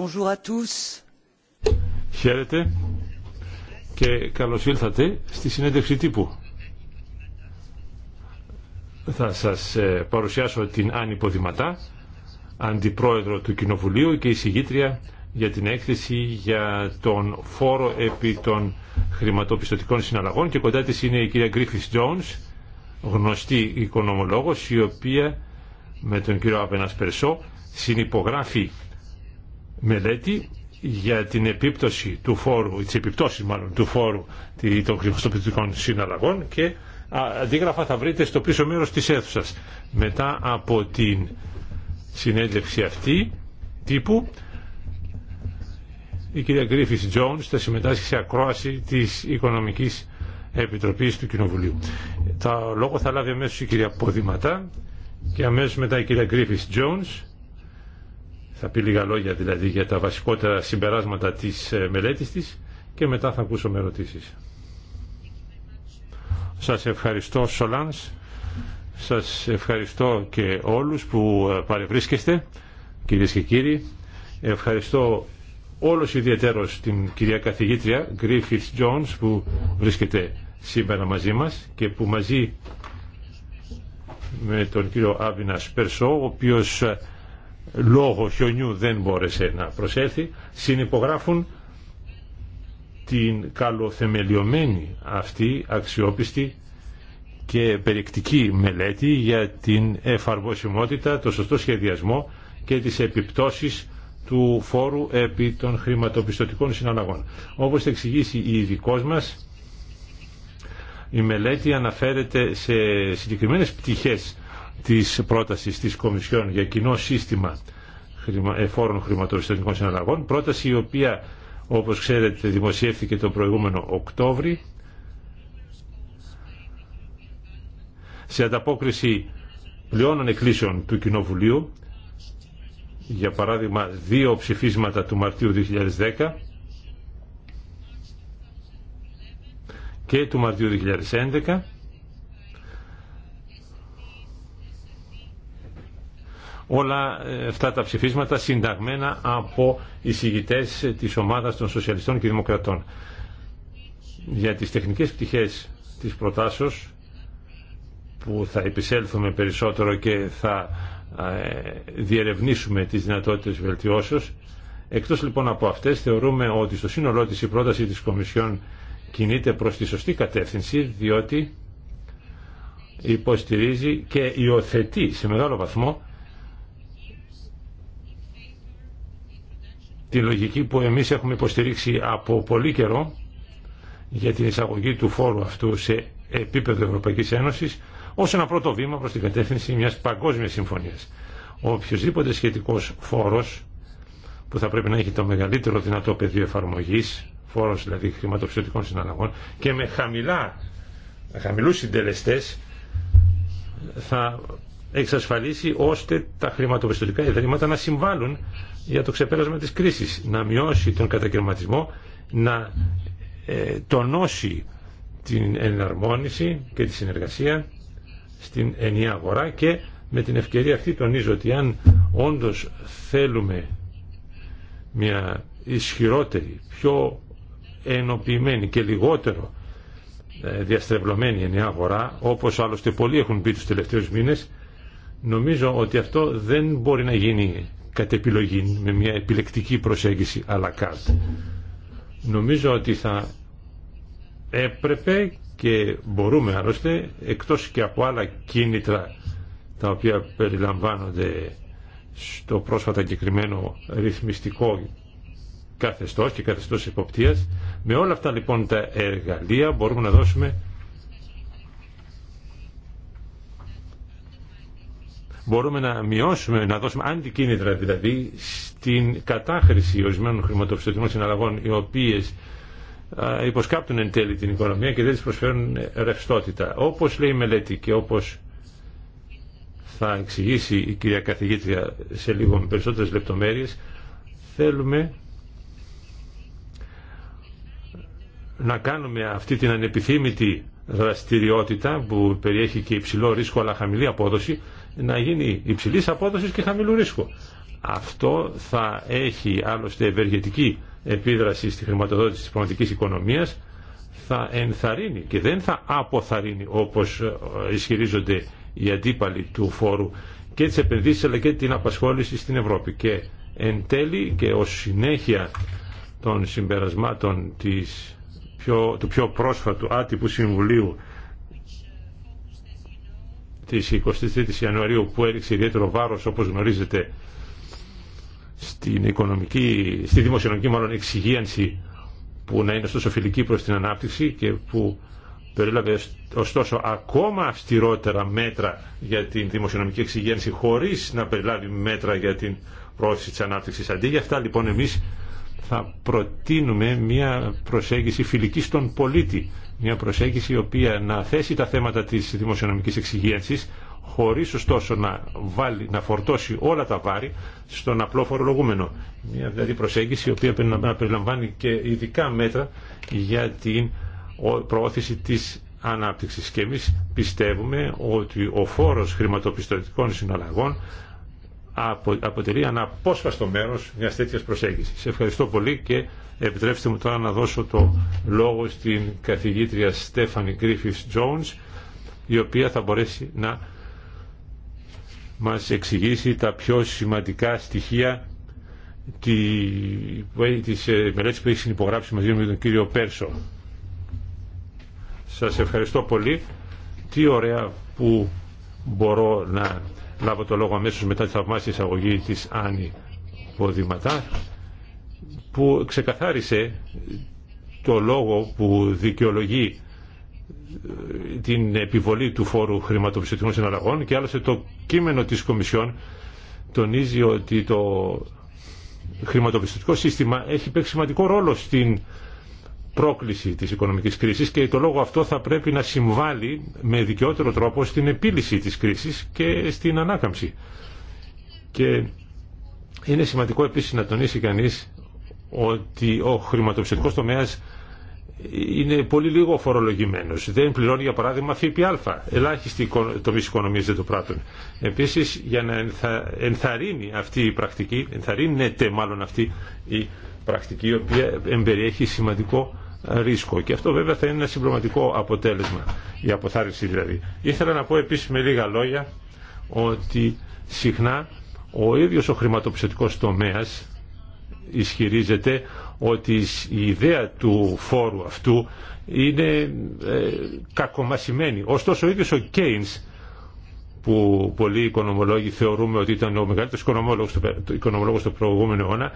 Bonjour à tous. Χαίρετε και καλώς ήλθατε στη συνέντευξη τύπου. Θα σας ε, παρουσιάσω την Άννη Ποδηματά, αντιπρόεδρο του Κοινοβουλίου και εισηγήτρια για την έκθεση για τον φόρο επί των χρηματοπιστωτικών συναλλαγών και κοντά της είναι η κυρία Γκρίφις Jones, γνωστή οικονομολόγος, η οποία με τον κύριο Άπενας Περσό συνυπογράφει μελέτη για την επίπτωση του φόρου, τι επιπτώσει μάλλον του φόρου των χρηματοπιστικών συναλλαγών και αντίγραφα θα βρείτε στο πίσω μέρος της αίθουσα Μετά από την συνέντευξη αυτή τύπου η κυρία Γκρίφης Τζόνς θα συμμετάσχει σε ακρόαση της Οικονομικής Επιτροπής του Κοινοβουλίου. Το λόγο θα λάβει αμέσως η κυρία Ποδηματά και αμέσως μετά η κυρία Γκρίφης Τζόνς θα πει λίγα λόγια δηλαδή για τα βασικότερα συμπεράσματα της ε, μελέτης της και μετά θα ακούσουμε ερωτήσεις. Σας ευχαριστώ Σολάνς, σας ευχαριστώ και όλους που ε, παρευρίσκεστε, κυρίες και κύριοι. Ευχαριστώ όλος ιδιαίτερος την κυρία καθηγήτρια Griffith Jones που βρίσκεται σήμερα μαζί μας και που μαζί με τον κύριο Άβινα Περσό, ο οποίος ε, λόγω χιονιού δεν μπόρεσε να προσέλθει, συνυπογράφουν την καλοθεμελιωμένη αυτή αξιόπιστη και περιεκτική μελέτη για την εφαρμοσιμότητα, το σωστό σχεδιασμό και τις επιπτώσεις του φόρου επί των χρηματοπιστωτικών συναλλαγών. Όπως εξηγήσει η ειδικό μας, η μελέτη αναφέρεται σε συγκεκριμένες πτυχές της πρότασης της Κομισιόν για κοινό σύστημα εφόρων χρηματοπιστωτικών συναλλαγών, πρόταση η οποία όπως ξέρετε δημοσιεύθηκε τον προηγούμενο Οκτώβρη σε ανταπόκριση πλειώνων εκκλήσεων του Κοινοβουλίου για παράδειγμα δύο ψηφίσματα του Μαρτίου 2010 και του Μαρτίου 2011 όλα ε, αυτά τα ψηφίσματα συνταγμένα από εισηγητές της ομάδας των Σοσιαλιστών και Δημοκρατών. Για τις τεχνικές πτυχές της προτάσεως που θα επισέλθουμε περισσότερο και θα ε, διερευνήσουμε τις δυνατότητες βελτιώσεως. Εκτός λοιπόν από αυτές θεωρούμε ότι στο σύνολό της η πρόταση της Κομισιόν κινείται προς τη σωστή κατεύθυνση διότι υποστηρίζει και υιοθετεί σε μεγάλο βαθμό τη λογική που εμείς έχουμε υποστηρίξει από πολύ καιρό για την εισαγωγή του φόρου αυτού σε επίπεδο Ευρωπαϊκής Ένωσης ως ένα πρώτο βήμα προς την κατεύθυνση μιας παγκόσμιας συμφωνίας. Ο οποιοδήποτε σχετικός φόρος που θα πρέπει να έχει το μεγαλύτερο δυνατό πεδίο εφαρμογής, φόρος δηλαδή χρηματοπιστωτικών συναλλαγών και με χαμηλά, χαμηλούς συντελεστές θα εξασφαλίσει ώστε τα χρηματοπιστωτικά ιδρύματα να συμβάλλουν για το ξεπέρασμα της κρίσης, να μειώσει τον κατακαιρματισμό, να ε, τονώσει την εναρμόνιση και τη συνεργασία στην ενιαία αγορά και με την ευκαιρία αυτή τονίζω ότι αν όντως θέλουμε μια ισχυρότερη, πιο ενοποιημένη και λιγότερο ε, διαστρεβλωμένη ενιαία αγορά, όπως άλλωστε πολλοί έχουν πει τους τελευταίους μήνες, νομίζω ότι αυτό δεν μπορεί να γίνει κατ' επιλογή, με μια επιλεκτική προσέγγιση à la Νομίζω ότι θα έπρεπε και μπορούμε άλλωστε, εκτός και από άλλα κίνητρα τα οποία περιλαμβάνονται στο πρόσφατα εγκεκριμένο ρυθμιστικό καθεστώς και καθεστώς εποπτείας, με όλα αυτά λοιπόν τα εργαλεία μπορούμε να δώσουμε μπορούμε να μειώσουμε, να δώσουμε αντικίνητρα δηλαδή στην κατάχρηση ορισμένων χρηματοπιστωτικών συναλλαγών οι οποίες υποσκάπτουν εν τέλει την οικονομία και δεν τις προσφέρουν ρευστότητα. Όπως λέει η μελέτη και όπως θα εξηγήσει η κυρία καθηγήτρια σε λίγο με περισσότερες λεπτομέρειες, θέλουμε να κάνουμε αυτή την ανεπιθύμητη δραστηριότητα που περιέχει και υψηλό ρίσκο αλλά χαμηλή απόδοση να γίνει υψηλή απόδοσης και χαμηλού ρίσκου. Αυτό θα έχει άλλωστε ευεργετική επίδραση στη χρηματοδότηση της πραγματικής οικονομίας, θα ενθαρρύνει και δεν θα αποθαρρύνει όπως ε, ισχυρίζονται οι αντίπαλοι του φόρου και τις επενδύσει αλλά και την απασχόληση στην Ευρώπη. Και εν τέλει και ως συνέχεια των συμπερασμάτων της πιο, του πιο πρόσφατου άτυπου Συμβουλίου της 23 η Ιανουαρίου που έριξε ιδιαίτερο βάρος όπως γνωρίζετε στην οικονομική, στη δημοσιονομική μάλλον εξυγίανση που να είναι ωστόσο φιλική προς την ανάπτυξη και που περίλαβε ωστόσο ακόμα αυστηρότερα μέτρα για την δημοσιονομική εξυγίανση χωρίς να περιλάβει μέτρα για την πρόθεση της ανάπτυξης. Αντί για αυτά λοιπόν εμείς θα προτείνουμε μια προσέγγιση φιλική στον πολίτη μια προσέγγιση η οποία να θέσει τα θέματα της δημοσιονομικής εξυγίανσης χωρίς ωστόσο να, βάλει, να φορτώσει όλα τα βάρη στον απλό φορολογούμενο. Μια δηλαδή προσέγγιση η οποία περιλαμβάνει και ειδικά μέτρα για την προώθηση της ανάπτυξης. Και εμείς πιστεύουμε ότι ο φόρος χρηματοπιστωτικών συναλλαγών αποτελεί αναπόσπαστο μέρος μιας τέτοιας προσέγγισης. Ευχαριστώ πολύ και Επιτρέψτε μου τώρα να δώσω το λόγο στην καθηγήτρια Στέφανη Γκρίφις Τζόουνς η οποία θα μπορέσει να μας εξηγήσει τα πιο σημαντικά στοιχεία της ε, μελέτης που έχει συνυπογράψει μαζί με τον κύριο Πέρσο. Σας ευχαριστώ πολύ. Τι ωραία που μπορώ να λάβω το λόγο αμέσως μετά τη θαυμάσια εισαγωγή της Άννη Ποδηματά που ξεκαθάρισε το λόγο που δικαιολογεί ε, την επιβολή του φόρου χρηματοπιστωτικών συναλλαγών και άλλωστε το κείμενο της Κομισιόν τονίζει ότι το χρηματοπιστωτικό σύστημα έχει παίξει σημαντικό ρόλο στην πρόκληση της οικονομικής κρίσης και το λόγο αυτό θα πρέπει να συμβάλλει με δικαιότερο τρόπο στην επίλυση της κρίσης και στην ανάκαμψη. Και είναι σημαντικό επίσης να τονίσει κανείς ότι ο χρηματοψηφικό τομέα είναι πολύ λίγο φορολογημένο. Δεν πληρώνει, για παράδειγμα, ΦΠΑ. Ελάχιστοι τομεί οικονομία δεν το πράττουν. Επίση, για να ενθα... ενθαρρύνει αυτή η πρακτική, ενθαρρύνεται μάλλον αυτή η πρακτική, η οποία εμπεριέχει σημαντικό ε, ρίσκο. Και αυτό βέβαια θα είναι ένα συμπληρωματικό αποτέλεσμα, η αποθάρρυνση δηλαδή. Ήθελα να πω επίση με λίγα λόγια ότι συχνά ο ίδιο ο χρηματοπιστωτικό τομέα ισχυρίζεται ότι η ιδέα του φόρου αυτού είναι ε, κακομασιμένη. Ωστόσο ο ίδιος ο Κέινς που πολλοί οικονομολόγοι θεωρούμε ότι ήταν ο μεγαλύτερος οικονομολόγος, οικονομολόγος του προηγούμενου αιώνα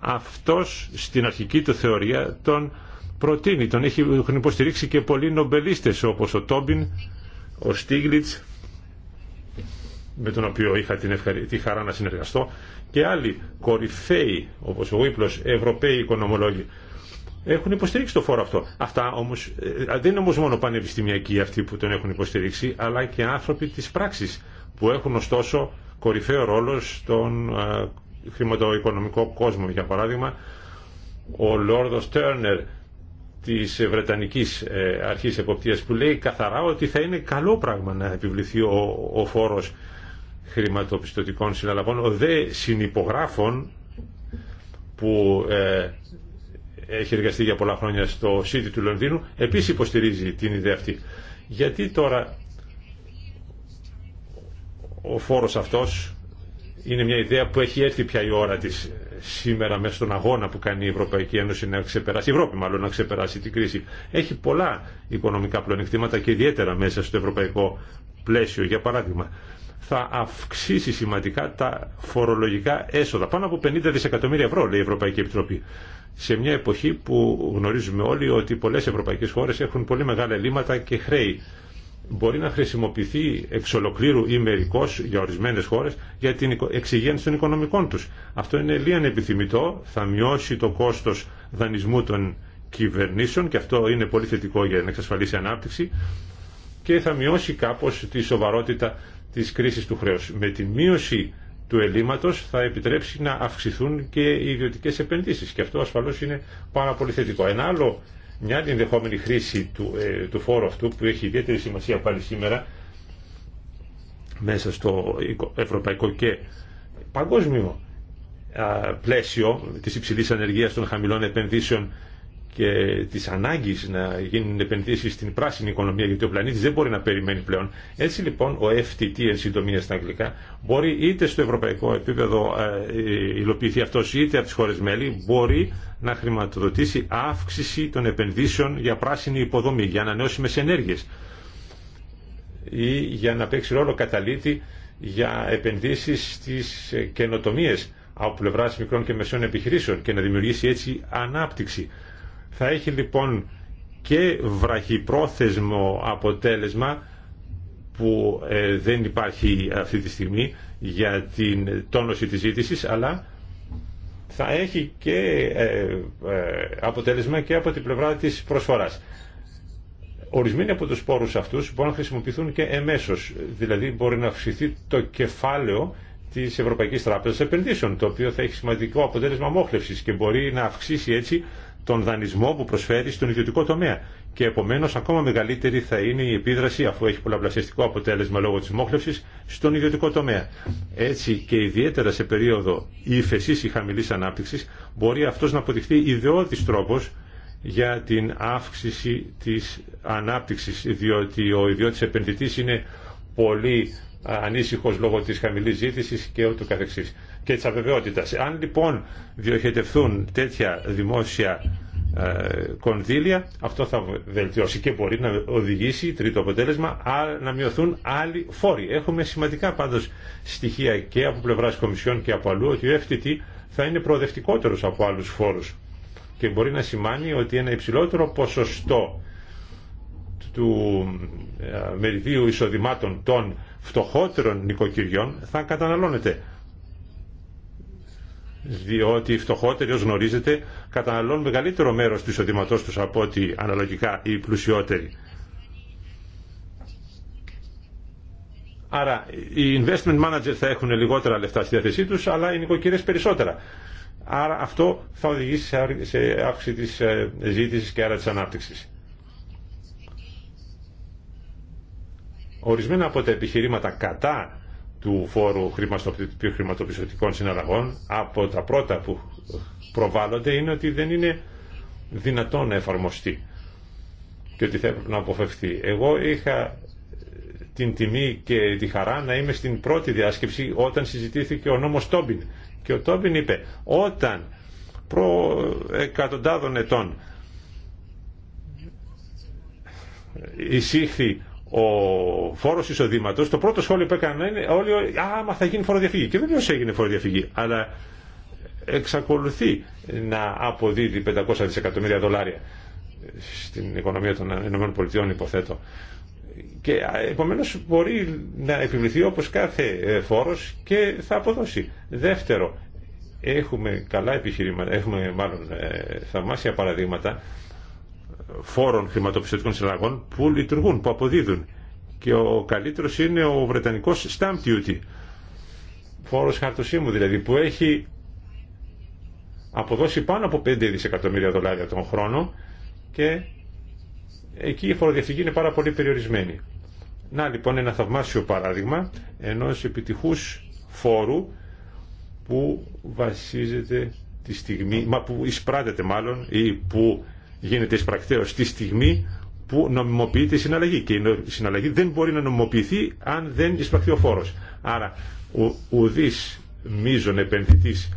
αυτός στην αρχική του θεωρία τον προτείνει, τον έχουν υποστηρίξει και πολλοί νομπελίστες όπως ο Τόμπιν, ο Στίγλιτς με τον οποίο είχα την, τη χαρά να συνεργαστώ και άλλοι κορυφαίοι όπως ο Ήπλος, Ευρωπαίοι οικονομολόγοι έχουν υποστηρίξει το φόρο αυτό. Αυτά όμως, ε, δεν είναι όμως μόνο πανεπιστημιακοί αυτοί που τον έχουν υποστηρίξει αλλά και άνθρωποι της πράξης που έχουν ωστόσο κορυφαίο ρόλο στον ε, χρηματοοικονομικό κόσμο. Για παράδειγμα, ο Λόρδος Τέρνερ της Βρετανικής ε, Αρχής Εποπτείας που λέει καθαρά ότι θα είναι καλό πράγμα να επιβληθεί ο, ο φόρος χρηματοπιστωτικών συναλλαγών, ο δε συνυπογράφων που ε, έχει εργαστεί για πολλά χρόνια στο City του Λονδίνου, επίσης υποστηρίζει την ιδέα αυτή. Γιατί τώρα ο φόρος αυτός είναι μια ιδέα που έχει έρθει πια η ώρα της σήμερα μέσα στον αγώνα που κάνει η Ευρωπαϊκή Ένωση να ξεπεράσει, η Ευρώπη μάλλον να ξεπεράσει την κρίση. Έχει πολλά οικονομικά πλεονεκτήματα και ιδιαίτερα μέσα στο ευρωπαϊκό πλαίσιο. Για παράδειγμα, θα αυξήσει σημαντικά τα φορολογικά έσοδα. Πάνω από 50 δισεκατομμύρια ευρώ, λέει η Ευρωπαϊκή Επιτροπή. Σε μια εποχή που γνωρίζουμε όλοι ότι πολλές ευρωπαϊκές χώρες έχουν πολύ μεγάλα ελλείμματα και χρέη. Μπορεί να χρησιμοποιηθεί εξ ολοκλήρου ή μερικώ για ορισμένε χώρε για την εξυγένση των οικονομικών του. Αυτό είναι λίγαν επιθυμητό. θα μειώσει το κόστο δανεισμού των κυβερνήσεων και αυτό είναι πολύ θετικό για να εξασφαλίσει ανάπτυξη και θα μειώσει κάπως τη σοβαρότητα της κρίσης του χρέους. Με τη μείωση του ελλείμματος θα επιτρέψει να αυξηθούν και οι ιδιωτικές επενδύσεις και αυτό ασφαλώς είναι πάρα πολύ θετικό. Ένα άλλο, μια άλλη ενδεχόμενη χρήση του, ε, του φόρου αυτού που έχει ιδιαίτερη σημασία πάλι σήμερα μέσα στο ευρωπαϊκό και παγκόσμιο πλαίσιο της υψηλής ανεργίας των χαμηλών επενδύσεων και τη ανάγκη να γίνουν επενδύσει στην πράσινη οικονομία γιατί ο πλανήτη δεν μπορεί να περιμένει πλέον. Έτσι λοιπόν ο FTT εν συντομία στα αγγλικά μπορεί είτε στο ευρωπαϊκό επίπεδο ε, ε, υλοποιηθεί αυτό είτε από τι χώρε μέλη μπορεί να χρηματοδοτήσει αύξηση των επενδύσεων για πράσινη υποδομή, για ανανεώσιμε ενέργειες ή για να παίξει ρόλο καταλήτη για επενδύσεις στις ε, καινοτομίες από πλευράς μικρών και μεσών επιχειρήσεων και να δημιουργήσει έτσι ανάπτυξη. Θα έχει λοιπόν και βραχυπρόθεσμο αποτέλεσμα που ε, δεν υπάρχει αυτή τη στιγμή για την τόνωση της ζήτησης αλλά θα έχει και ε, ε, αποτέλεσμα και από την πλευρά της προσφοράς. Ορισμένοι από τους πόρους αυτούς μπορούν να χρησιμοποιηθούν και εμέσως, δηλαδή μπορεί να αυξηθεί το κεφάλαιο της Ευρωπαϊκής Τράπεζας Επενδύσεων, το οποίο θα έχει σημαντικό αποτέλεσμα μόχλευσης και μπορεί να αυξήσει έτσι τον δανεισμό που προσφέρει στον ιδιωτικό τομέα. Και επομένως ακόμα μεγαλύτερη θα είναι η επίδραση, αφού έχει πολλαπλασιαστικό αποτέλεσμα λόγω της μόχλευσης, στον ιδιωτικό τομέα. Έτσι και ιδιαίτερα σε περίοδο ύφεση ή χαμηλής ανάπτυξης, μπορεί αυτός να αποδειχθεί ιδεώδη τρόπος για την αύξηση τη ανάπτυξη, διότι ο ιδιώτης επενδυτή είναι πολύ ανήσυχο λόγω τη χαμηλή ζήτηση και ούτω καθεξής και της αβεβαιότητας. Αν λοιπόν διοχετευθούν τέτοια δημόσια ε, κονδύλια, αυτό θα βελτιώσει και μπορεί να οδηγήσει, τρίτο αποτέλεσμα, να μειωθούν άλλοι φόροι. Έχουμε σημαντικά πάντως στοιχεία και από πλευράς Κομισιόν και από αλλού ότι ο FTT θα είναι προοδευτικότερος από άλλους φόρους και μπορεί να σημάνει ότι ένα υψηλότερο ποσοστό του ε, μεριδίου εισοδημάτων των φτωχότερων νοικοκυριών θα καταναλώνεται διότι οι φτωχότεροι, ως γνωρίζετε, καταναλώνουν μεγαλύτερο μέρος του εισοδήματός τους από ότι αναλογικά οι πλουσιότεροι. Άρα οι investment managers θα έχουν λιγότερα λεφτά στη διάθεσή τους, αλλά οι νοικοκυρές περισσότερα. Άρα αυτό θα οδηγήσει σε αύξηση της ε, ζήτησης και άρα της ανάπτυξης. Ορισμένα από τα επιχειρήματα κατά του φόρου χρηματοπιστωτικών συναλλαγών από τα πρώτα που προβάλλονται είναι ότι δεν είναι δυνατόν να εφαρμοστεί και ότι θα έπρεπε να αποφευθεί. Εγώ είχα την τιμή και τη χαρά να είμαι στην πρώτη διάσκεψη όταν συζητήθηκε ο νόμος Τόμπιν. Και ο Τόμπιν είπε όταν προ εκατοντάδων ετών εισήχθη ο φόρο εισοδήματο, το πρώτο σχόλιο που έκανα είναι όλοι, άμα θα γίνει φοροδιαφυγή. Και βεβαίω έγινε φοροδιαφυγή. Αλλά εξακολουθεί να αποδίδει 500 δισεκατομμύρια δολάρια στην οικονομία των ΗΠΑ, υποθέτω. Και επομένω μπορεί να επιβληθεί όπω κάθε ε, φόρο και θα αποδώσει. Δεύτερο, έχουμε καλά επιχειρήματα, έχουμε μάλλον ε, θαυμάσια παραδείγματα φόρων χρηματοπιστωτικών συναλλαγών που λειτουργούν, που αποδίδουν. Και ο καλύτερος είναι ο Βρετανικός stamp duty, φόρος χαρτοσύμου δηλαδή, που έχει αποδώσει πάνω από 5 δισεκατομμύρια δολάρια τον χρόνο και εκεί η φοροδιαφυγή είναι πάρα πολύ περιορισμένη. Να λοιπόν ένα θαυμάσιο παράδειγμα ενός επιτυχούς φόρου που βασίζεται τη στιγμή, μα που εισπράτεται μάλλον ή που γίνεται εισπρακτέως στη στιγμή που νομιμοποιείται η συναλλαγή. Και η συναλλαγή δεν μπορεί να νομιμοποιηθεί αν δεν εισπραχθεί ο φόρο. Άρα ο ουδής μείζων επενδυτής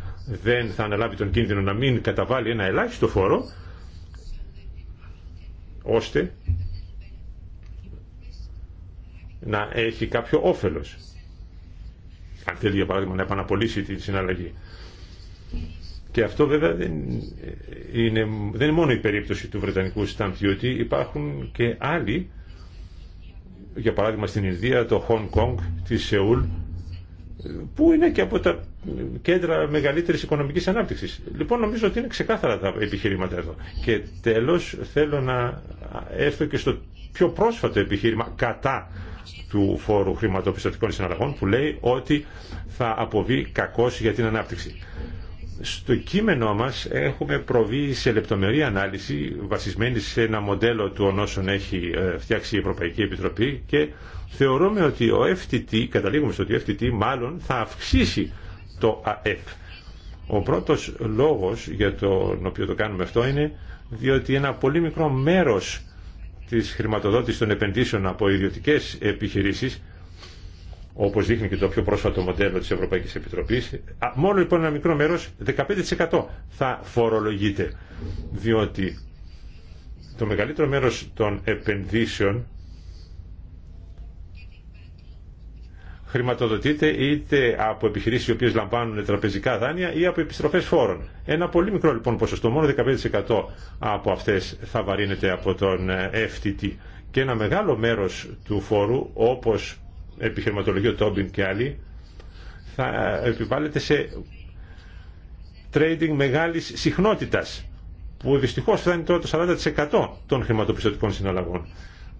δεν θα αναλάβει τον κίνδυνο να μην καταβάλει ένα ελάχιστο φόρο ώστε να έχει κάποιο όφελος. Αν θέλει για παράδειγμα να επαναπολύσει τη συναλλαγή. Και αυτό βέβαια δεν είναι, δεν είναι μόνο η περίπτωση του Βρετανικού stamp duty, υπάρχουν και άλλοι, για παράδειγμα στην Ινδία, το Hong Kong, τη Σεούλ, που είναι και από τα κέντρα μεγαλύτερης οικονομικής ανάπτυξης. Λοιπόν, νομίζω ότι είναι ξεκάθαρα τα επιχειρήματα εδώ. Και τέλος, θέλω να έρθω και στο πιο πρόσφατο επιχείρημα κατά του φόρου χρηματοπιστωτικών συναλλαγών που λέει ότι θα αποβεί κακός για την ανάπτυξη. Στο κείμενό μας έχουμε προβεί σε λεπτομερή ανάλυση βασισμένη σε ένα μοντέλο του ονόσων έχει ε, φτιάξει η Ευρωπαϊκή Επιτροπή και θεωρούμε ότι ο FTT, καταλήγουμε στο ότι ο FTT μάλλον θα αυξήσει το ΑΕΠ. Ο πρώτος λόγος για τον οποίο το κάνουμε αυτό είναι διότι ένα πολύ μικρό μέρος της χρηματοδότησης των επενδύσεων από ιδιωτικές επιχειρήσεις όπως δείχνει και το πιο πρόσφατο μοντέλο της Ευρωπαϊκής Επιτροπής, μόνο λοιπόν ένα μικρό μέρος, 15% θα φορολογείται, διότι το μεγαλύτερο μέρος των επενδύσεων χρηματοδοτείται είτε από επιχειρήσεις οι οποίες λαμβάνουν τραπεζικά δάνεια ή από επιστροφές φόρων. Ένα πολύ μικρό λοιπόν ποσοστό, μόνο 15% από αυτές θα βαρύνεται από τον ε, FTT. Και ένα μεγάλο μέρος του φόρου, όπως επιχειρηματολογείο Τόμπιν και άλλοι θα επιβάλλεται σε trading μεγάλης συχνότητας που δυστυχώς φτάνει τώρα το 40% των χρηματοπιστωτικών συναλλαγών.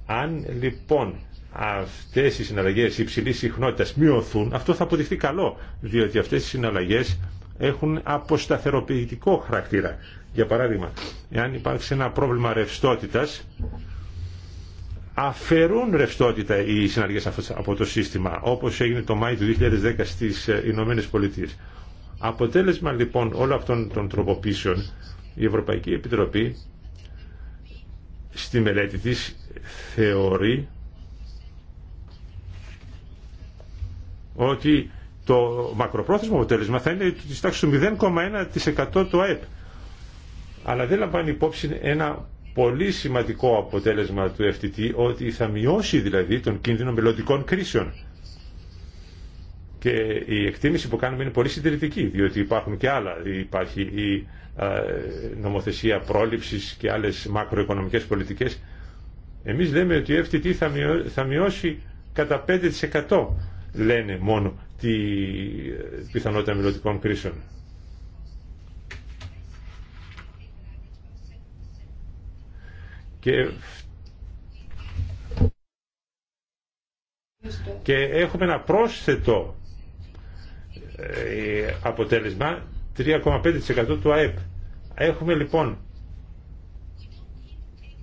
Αν λοιπόν αυτές οι συναλλαγές υψηλής συχνότητας μειωθούν, αυτό θα αποδειχθεί καλό, διότι αυτές οι συναλλαγές έχουν αποσταθεροποιητικό χαρακτήρα. Για παράδειγμα, εάν υπάρξει ένα πρόβλημα ρευστότητας, αφαιρούν ρευστότητα οι συναλλαγές από το σύστημα, όπως έγινε το Μάιο του 2010 στις ε, Ηνωμένες Πολιτείες. Αποτέλεσμα λοιπόν όλων αυτών των τροποποίησεων, η Ευρωπαϊκή Επιτροπή στη μελέτη της θεωρεί ότι το μακροπρόθεσμο αποτέλεσμα θα είναι τη τάξη του 0,1% του ΑΕΠ. Αλλά δεν λαμβάνει υπόψη ένα πολύ σημαντικό αποτέλεσμα του FTT ότι θα μειώσει δηλαδή τον κίνδυνο μελλοντικών κρίσεων. Και η εκτίμηση που κάνουμε είναι πολύ συντηρητική, διότι υπάρχουν και άλλα. Υπάρχει η ε, νομοθεσία πρόληψης και άλλες μακροοικονομικές πολιτικές. Εμείς λέμε ότι η FTT θα μειώσει κατά 5% λένε μόνο τη ε, πιθανότητα μελλοντικών κρίσεων. Και έχουμε ένα πρόσθετο ε, αποτέλεσμα 3,5% του ΑΕΠ. Έχουμε λοιπόν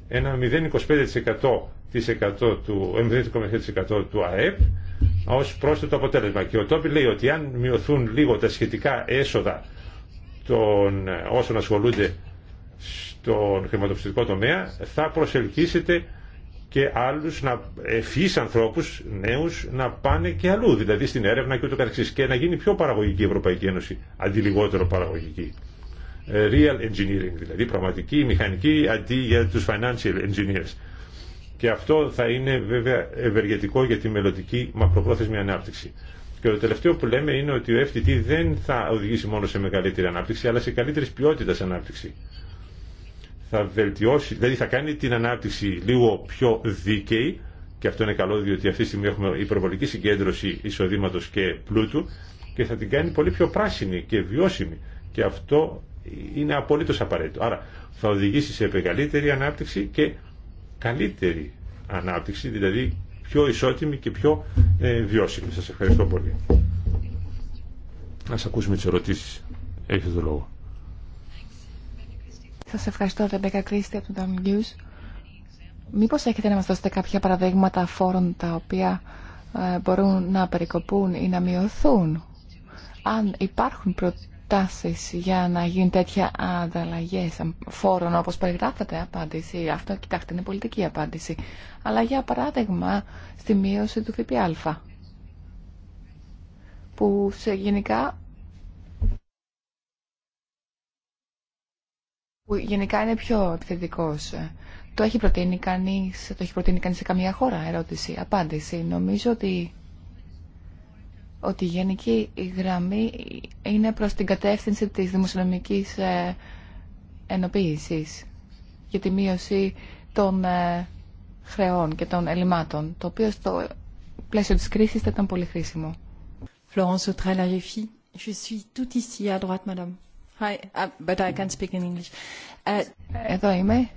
ένα 0,25% του, ε, του ΑΕΠ ως πρόσθετο αποτέλεσμα. Και ο Τόπι λέει ότι αν μειωθούν λίγο τα σχετικά έσοδα των ε, όσων ασχολούνται τον χρηματοπιστωτικό τομέα θα προσελκύσετε και άλλους να ευφύς ανθρώπους νέους να πάνε και αλλού, δηλαδή στην έρευνα και ούτω καθεξής και να γίνει πιο παραγωγική η Ευρωπαϊκή Ένωση αντί λιγότερο παραγωγική. Ε, real engineering, δηλαδή πραγματική μηχανική αντί για τους financial engineers. Και αυτό θα είναι βέβαια ευεργετικό για τη μελλοντική μακροπρόθεσμη ανάπτυξη. Και το τελευταίο που λέμε είναι ότι ο FTT δεν θα οδηγήσει μόνο σε μεγαλύτερη ανάπτυξη, αλλά σε καλύτερη ποιότητα ανάπτυξη θα βελτιώσει, δηλαδή θα κάνει την ανάπτυξη λίγο πιο δίκαιη και αυτό είναι καλό διότι αυτή τη στιγμή έχουμε υπερβολική συγκέντρωση εισοδήματος και πλούτου και θα την κάνει πολύ πιο πράσινη και βιώσιμη και αυτό είναι απολύτως απαραίτητο. Άρα θα οδηγήσει σε μεγαλύτερη ανάπτυξη και καλύτερη ανάπτυξη, δηλαδή πιο ισότιμη και πιο ε, βιώσιμη. Σας ευχαριστώ πολύ. Ας ακούσουμε τις ερωτήσεις. Έχετε το λόγο. Σας ευχαριστώ, Ρεμπέκα Κρίστη από το Down News. Μήπως έχετε να μας δώσετε κάποια παραδείγματα φόρων τα οποία ε, μπορούν να περικοπούν ή να μειωθούν. Αν υπάρχουν προτάσεις για να γίνουν τέτοια ανταλλαγέ φόρων όπως περιγράφεται απάντηση, αυτό κοιτάξτε είναι πολιτική απάντηση, αλλά για παράδειγμα στη μείωση του ΦΠΑ που σε γενικά που γενικά είναι πιο επιθετικό. Το έχει προτείνει κανείς, το έχει προτείνει κανεί σε καμία χώρα, ερώτηση, απάντηση. Νομίζω ότι, ότι η γενική γραμμή είναι προς την κατεύθυνση της δημοσιονομικής ε, ενοποίησης για τη μείωση των ε, χρεών και των ελλημάτων, το οποίο στο πλαίσιο της κρίσης θα ήταν πολύ χρήσιμο. Florence je suis tout ici à droite, madame. Uh, uh, Εδώ είμαι.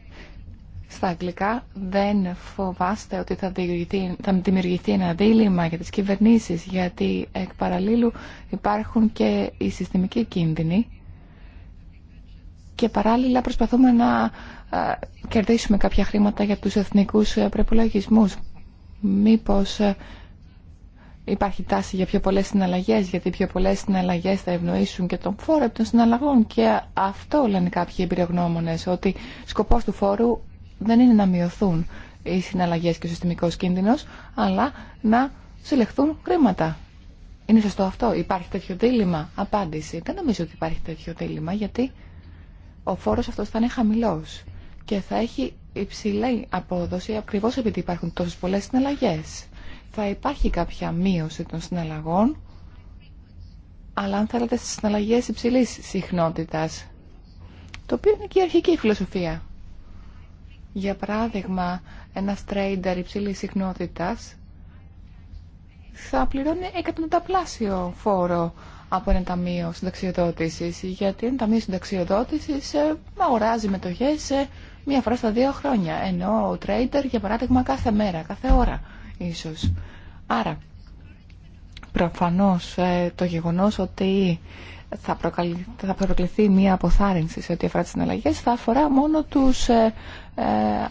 Στα αγγλικά δεν φοβάστε ότι θα δημιουργηθεί, θα δημιουργηθεί ένα δίλημα για τις κυβερνήσεις, γιατί εκ παραλλήλου υπάρχουν και οι συστημικοί κίνδυνοι και παράλληλα προσπαθούμε να ε, κερδίσουμε κάποια χρήματα για τους εθνικούς ε, προπολογισμού. Μήπως ε, υπάρχει τάση για πιο πολλές συναλλαγές, γιατί πιο πολλές συναλλαγές θα ευνοήσουν και τον φόρο των συναλλαγών και αυτό λένε κάποιοι εμπειρογνώμονες, ότι σκοπός του φόρου δεν είναι να μειωθούν οι συναλλαγές και ο συστημικός κίνδυνος, αλλά να συλλεχθούν χρήματα. Είναι σωστό αυτό. Υπάρχει τέτοιο δίλημα. Απάντηση. Δεν νομίζω ότι υπάρχει τέτοιο δίλημα, γιατί ο φόρος αυτός θα είναι χαμηλός και θα έχει υψηλή απόδοση ακριβώς επειδή υπάρχουν τόσες πολλές συναλλαγές θα υπάρχει κάποια μείωση των συναλλαγών, αλλά αν θέλετε στις συναλλαγές υψηλής συχνότητας, το οποίο είναι και η αρχική φιλοσοφία. Για παράδειγμα, ένα τρέιντερ υψηλής συχνότητας θα πληρώνει εκατονταπλάσιο φόρο από ένα ταμείο συνταξιοδότησης, γιατί ένα ταμείο συνταξιοδότησης ε, αγοράζει μετοχές ε, μία φορά στα δύο χρόνια, ενώ ο trader, για παράδειγμα, κάθε μέρα, κάθε ώρα ίσως. Άρα, προφανώς ε, το γεγονός ότι θα, θα προκληθεί μία αποθάρρυνση σε ό,τι αφορά τις συναλλαγές θα αφορά μόνο τους, ε, ε,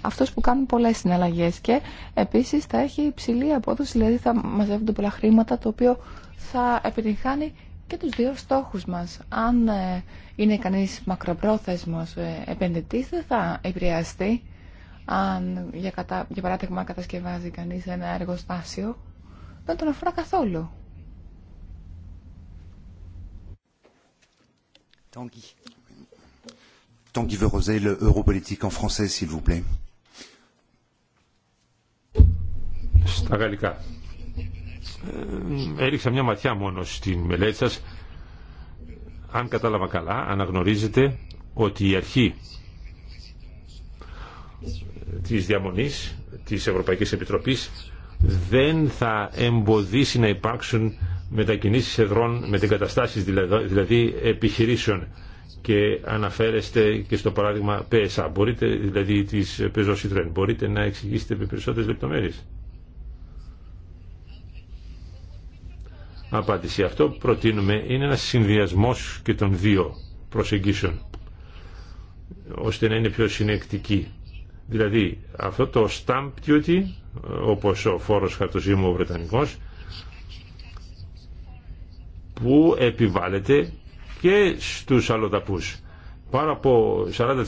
αυτούς που κάνουν πολλές συναλλαγές και επίσης θα έχει υψηλή απόδοση, δηλαδή θα μαζεύονται πολλά χρήματα το οποίο θα επιτυγχάνει και τους δύο στόχους μας. Αν ε, είναι κανείς μακροπρόθεσμος ε, επενδυτής δεν θα επηρεαστεί αν για, κατα... για παράδειγμα κατασκευάζει κανείς ένα εργοστάσιο, δεν τον αφορά καθόλου. Στα γαλλικά. Ε, έριξα μια ματιά μόνο στην μελέτη σας. Αν κατάλαβα καλά, αναγνωρίζετε ότι η αρχή της διαμονής της Ευρωπαϊκής Επιτροπής δεν θα εμποδίσει να υπάρξουν μετακινήσεις εδρών καταστάσεις δηλαδή, δηλαδή επιχειρήσεων και αναφέρεστε και στο παράδειγμα PSA, μπορείτε, δηλαδή της Peugeot Citroën, μπορείτε να εξηγήσετε με περισσότερες λεπτομέρειες. Απάντηση. Αυτό που προτείνουμε είναι ένας συνδυασμός και των δύο προσεγγίσεων, ώστε να είναι πιο συνεκτική Δηλαδή αυτό το stamp duty, όπως ο φόρος χαρτοζήμου ο Βρετανικός, που επιβάλλεται και στους αλλοδαπούς. Πάρα από 40%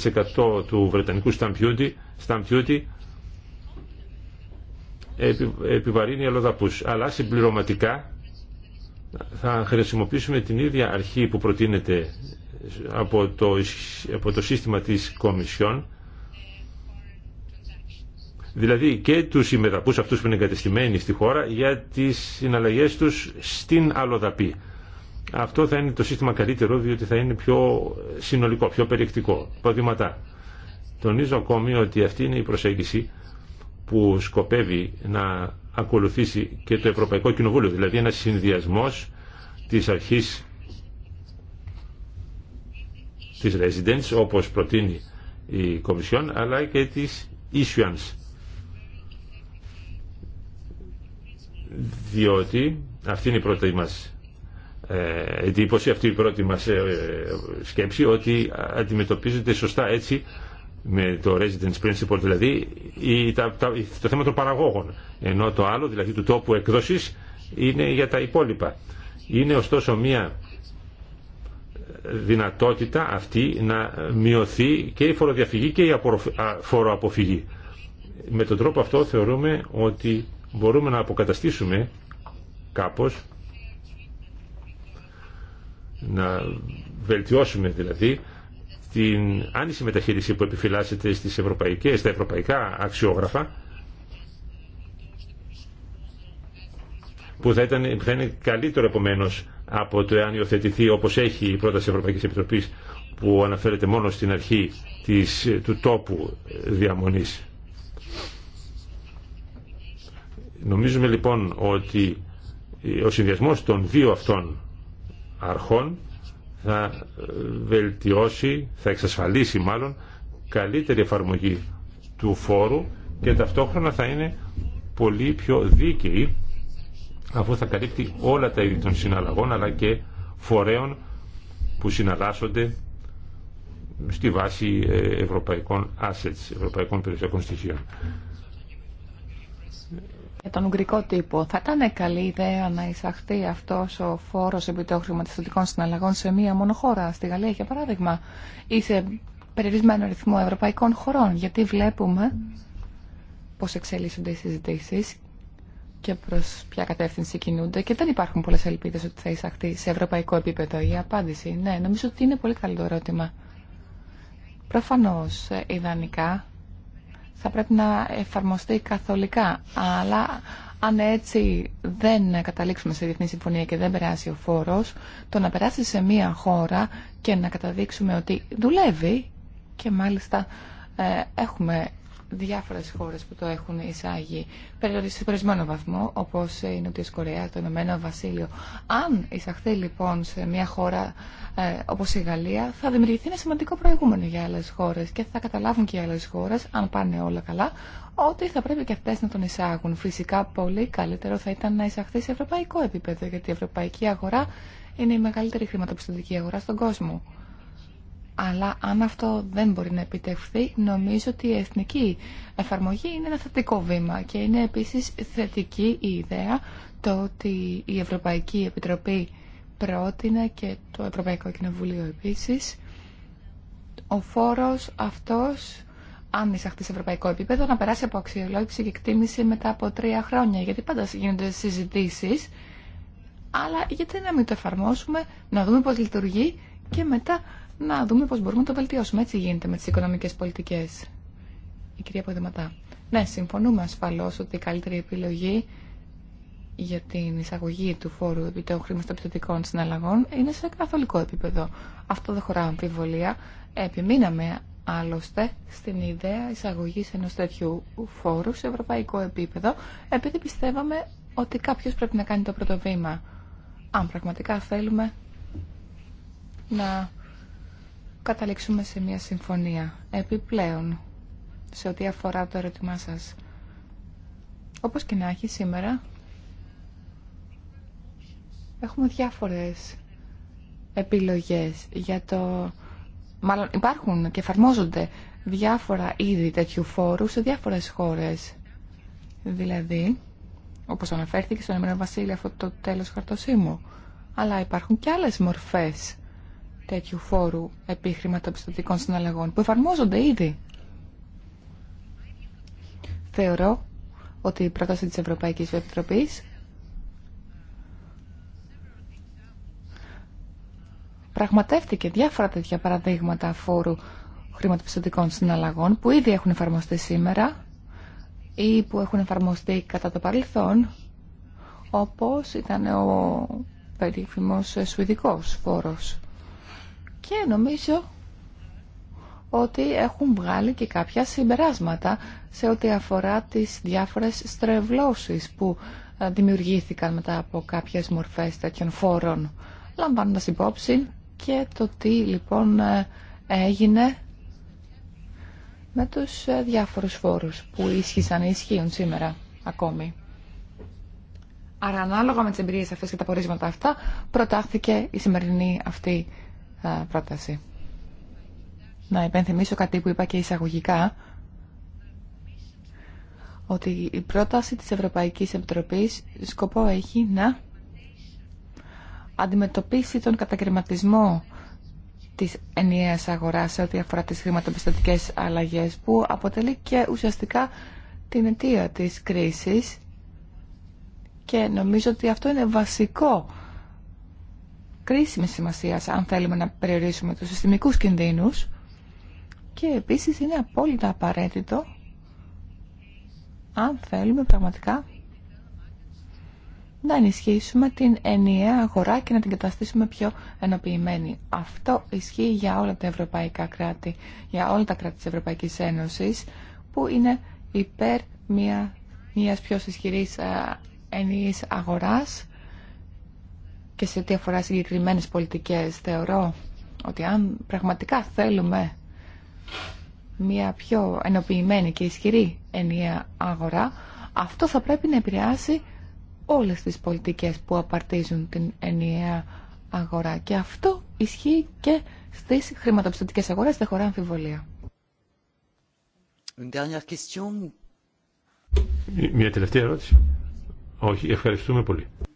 του Βρετανικού stamp duty, stamp duty επιβαρύνει αλλοδαπούς. Αλλά συμπληρωματικά θα χρησιμοποιήσουμε την ίδια αρχή που προτείνεται από το, από το σύστημα της Κομισιόν δηλαδή και τους ημεδαπούς αυτούς που είναι εγκατεστημένοι στη χώρα για τις συναλλαγές τους στην αλλοδαπή. Αυτό θα είναι το σύστημα καλύτερο διότι θα είναι πιο συνολικό, πιο περιεκτικό. Προδηματά. Τονίζω ακόμη ότι αυτή είναι η προσέγγιση που σκοπεύει να ακολουθήσει και το Ευρωπαϊκό Κοινοβούλιο, δηλαδή ένας συνδυασμός της αρχής της residence όπως προτείνει η Κομισιόν αλλά και της issuance διότι αυτή είναι η πρώτη μας ε, εντύπωση, αυτή η πρώτη μας ε, σκέψη ότι αντιμετωπίζεται σωστά έτσι με το residence principle δηλαδή το θέμα των παραγόγων ενώ το άλλο δηλαδή του τόπου εκδόσης είναι για τα υπόλοιπα είναι ωστόσο μια δυνατότητα αυτή να μειωθεί και η φοροδιαφυγή και η φοροαποφυγή με τον τρόπο αυτό θεωρούμε ότι μπορούμε να αποκαταστήσουμε κάπως να βελτιώσουμε δηλαδή την άνηση μεταχείριση που επιφυλάσσεται στις ευρωπαϊκές, στα ευρωπαϊκά αξιόγραφα που θα, ήταν, είναι καλύτερο επομένω από το εάν υιοθετηθεί όπως έχει η πρόταση Ευρωπαϊκής Επιτροπής που αναφέρεται μόνο στην αρχή της, του τόπου διαμονής. Νομίζουμε λοιπόν ότι ο συνδυασμός των δύο αυτών αρχών θα ε, βελτιώσει, θα εξασφαλίσει μάλλον καλύτερη εφαρμογή του φόρου και ταυτόχρονα θα είναι πολύ πιο δίκαιη αφού θα καλύπτει όλα τα είδη των συναλλαγών αλλά και φορέων που συναλλάσσονται στη βάση ε, ευρωπαϊκών assets, ευρωπαϊκών περιουσιακών στοιχείων. Για τον Ουγγρικό τύπο, θα ήταν καλή ιδέα να εισαχθεί αυτό ο φόρο επί των χρηματιστικών συναλλαγών σε μία μόνο χώρα, στη Γαλλία για παράδειγμα, ή σε περιορισμένο ρυθμό ευρωπαϊκών χωρών. Γιατί βλέπουμε πώ εξελίσσονται οι συζητήσει και προ ποια κατεύθυνση κινούνται και δεν υπάρχουν πολλέ ελπίδε ότι θα εισαχθεί σε ευρωπαϊκό επίπεδο. Η απάντηση, ναι, νομίζω ότι είναι πολύ καλό το ερώτημα. Προφανώ, ε, ιδανικά, θα πρέπει να εφαρμοστεί καθολικά. Αλλά αν έτσι δεν καταλήξουμε σε διεθνή συμφωνία και δεν περάσει ο φόρος, το να περάσει σε μία χώρα και να καταδείξουμε ότι δουλεύει και μάλιστα ε, έχουμε διάφορες χώρες που το έχουν εισάγει σε περισμένο βαθμό, όπως η Νότια Κορέα, το Ηνωμένο Βασίλειο. Αν εισαχθεί λοιπόν σε μια χώρα ε, όπως η Γαλλία, θα δημιουργηθεί ένα σημαντικό προηγούμενο για άλλες χώρες και θα καταλάβουν και οι άλλες χώρες, αν πάνε όλα καλά, ότι θα πρέπει και αυτές να τον εισάγουν. Φυσικά πολύ καλύτερο θα ήταν να εισαχθεί σε ευρωπαϊκό επίπεδο, γιατί η ευρωπαϊκή αγορά είναι η μεγαλύτερη χρηματοπιστωτική αγορά στον κόσμο. Αλλά αν αυτό δεν μπορεί να επιτευχθεί, νομίζω ότι η εθνική εφαρμογή είναι ένα θετικό βήμα και είναι επίσης θετική η ιδέα το ότι η Ευρωπαϊκή Επιτροπή πρότεινε και το Ευρωπαϊκό Κοινοβούλιο επίσης ο φόρος αυτός αν εισαχθεί σε ευρωπαϊκό επίπεδο να περάσει από αξιολόγηση και εκτίμηση μετά από τρία χρόνια γιατί πάντα γίνονται συζητήσεις αλλά γιατί να μην το εφαρμόσουμε, να δούμε πώς λειτουργεί και μετά να δούμε πώ μπορούμε να το βελτιώσουμε. Έτσι γίνεται με τι οικονομικέ πολιτικέ. Η κυρία Ποδηματά. Ναι, συμφωνούμε ασφαλώ ότι η καλύτερη επιλογή για την εισαγωγή του φόρου επί των χρηματοπιστωτικών συναλλαγών είναι σε καθολικό επίπεδο. Αυτό δεν χωρά αμφιβολία. Επιμείναμε άλλωστε στην ιδέα εισαγωγής ενός τέτοιου φόρου σε ευρωπαϊκό επίπεδο επειδή πιστεύαμε ότι κάποιος πρέπει να κάνει το πρώτο βήμα. Αν πραγματικά θέλουμε να καταλήξουμε σε μια συμφωνία. Επιπλέον, σε ό,τι αφορά το ερώτημά σας, όπως και να έχει σήμερα, έχουμε διάφορες επιλογές για το... Μάλλον υπάρχουν και εφαρμόζονται διάφορα είδη τέτοιου φόρου σε διάφορες χώρες. Δηλαδή, όπως αναφέρθηκε στον Εμμένο Βασίλη αυτό το τέλος χαρτοσύμου. Αλλά υπάρχουν και άλλες μορφές τέτοιου φόρου επί χρηματοπιστωτικών συναλλαγών που εφαρμόζονται ήδη. Θεωρώ ότι η πρόταση της Ευρωπαϊκής Επιτροπής πραγματεύτηκε διάφορα τέτοια παραδείγματα φόρου χρηματοπιστωτικών συναλλαγών που ήδη έχουν εφαρμοστεί σήμερα ή που έχουν εφαρμοστεί κατά το παρελθόν όπως ήταν ο περίφημος σουηδικός φόρος και νομίζω ότι έχουν βγάλει και κάποια συμπεράσματα σε ό,τι αφορά τις διάφορες στρεβλώσεις που ε, δημιουργήθηκαν μετά από κάποιες μορφές τέτοιων φόρων, λαμβάνοντας υπόψη και το τι λοιπόν ε, έγινε με τους ε, διάφορους φόρους που ίσχυσαν ή ισχύουν σήμερα ακόμη. Άρα ανάλογα με τις εμπειρίες αυτές και τα πορίσματα αυτά προτάχθηκε η σημερινή αυτή πρόταση. Να υπενθυμίσω κάτι που είπα και εισαγωγικά, ότι η πρόταση της Ευρωπαϊκής Επιτροπής σκοπό έχει να αντιμετωπίσει τον κατακριματισμό της ενιαίας αγοράς σε ό,τι αφορά τις χρηματοπιστωτικές αλλαγές που αποτελεί και ουσιαστικά την αιτία της κρίσης και νομίζω ότι αυτό είναι βασικό κρίσιμη σημασία αν θέλουμε να περιορίσουμε τους συστημικούς κινδύνους και επίσης είναι απόλυτα απαραίτητο αν θέλουμε πραγματικά να ενισχύσουμε την ενιαία αγορά και να την καταστήσουμε πιο ενοποιημένη. Αυτό ισχύει για όλα τα ευρωπαϊκά κράτη, για όλα τα κράτη της Ευρωπαϊκής Ένωσης που είναι υπέρ μια, μιας πιο ισχυρής ε, ενιαίας αγοράς και σε ό,τι αφορά συγκεκριμένες πολιτικές. Θεωρώ ότι αν πραγματικά θέλουμε μια πιο ενοποιημένη και ισχυρή ενιαία αγορά, αυτό θα πρέπει να επηρεάσει όλες τις πολιτικές που απαρτίζουν την ενιαία αγορά. Και αυτό ισχύει και στις χρηματοπιστωτικές αγορές, δεν χωρά αμφιβολία. Μια τελευταία ερώτηση. Όχι, ευχαριστούμε πολύ.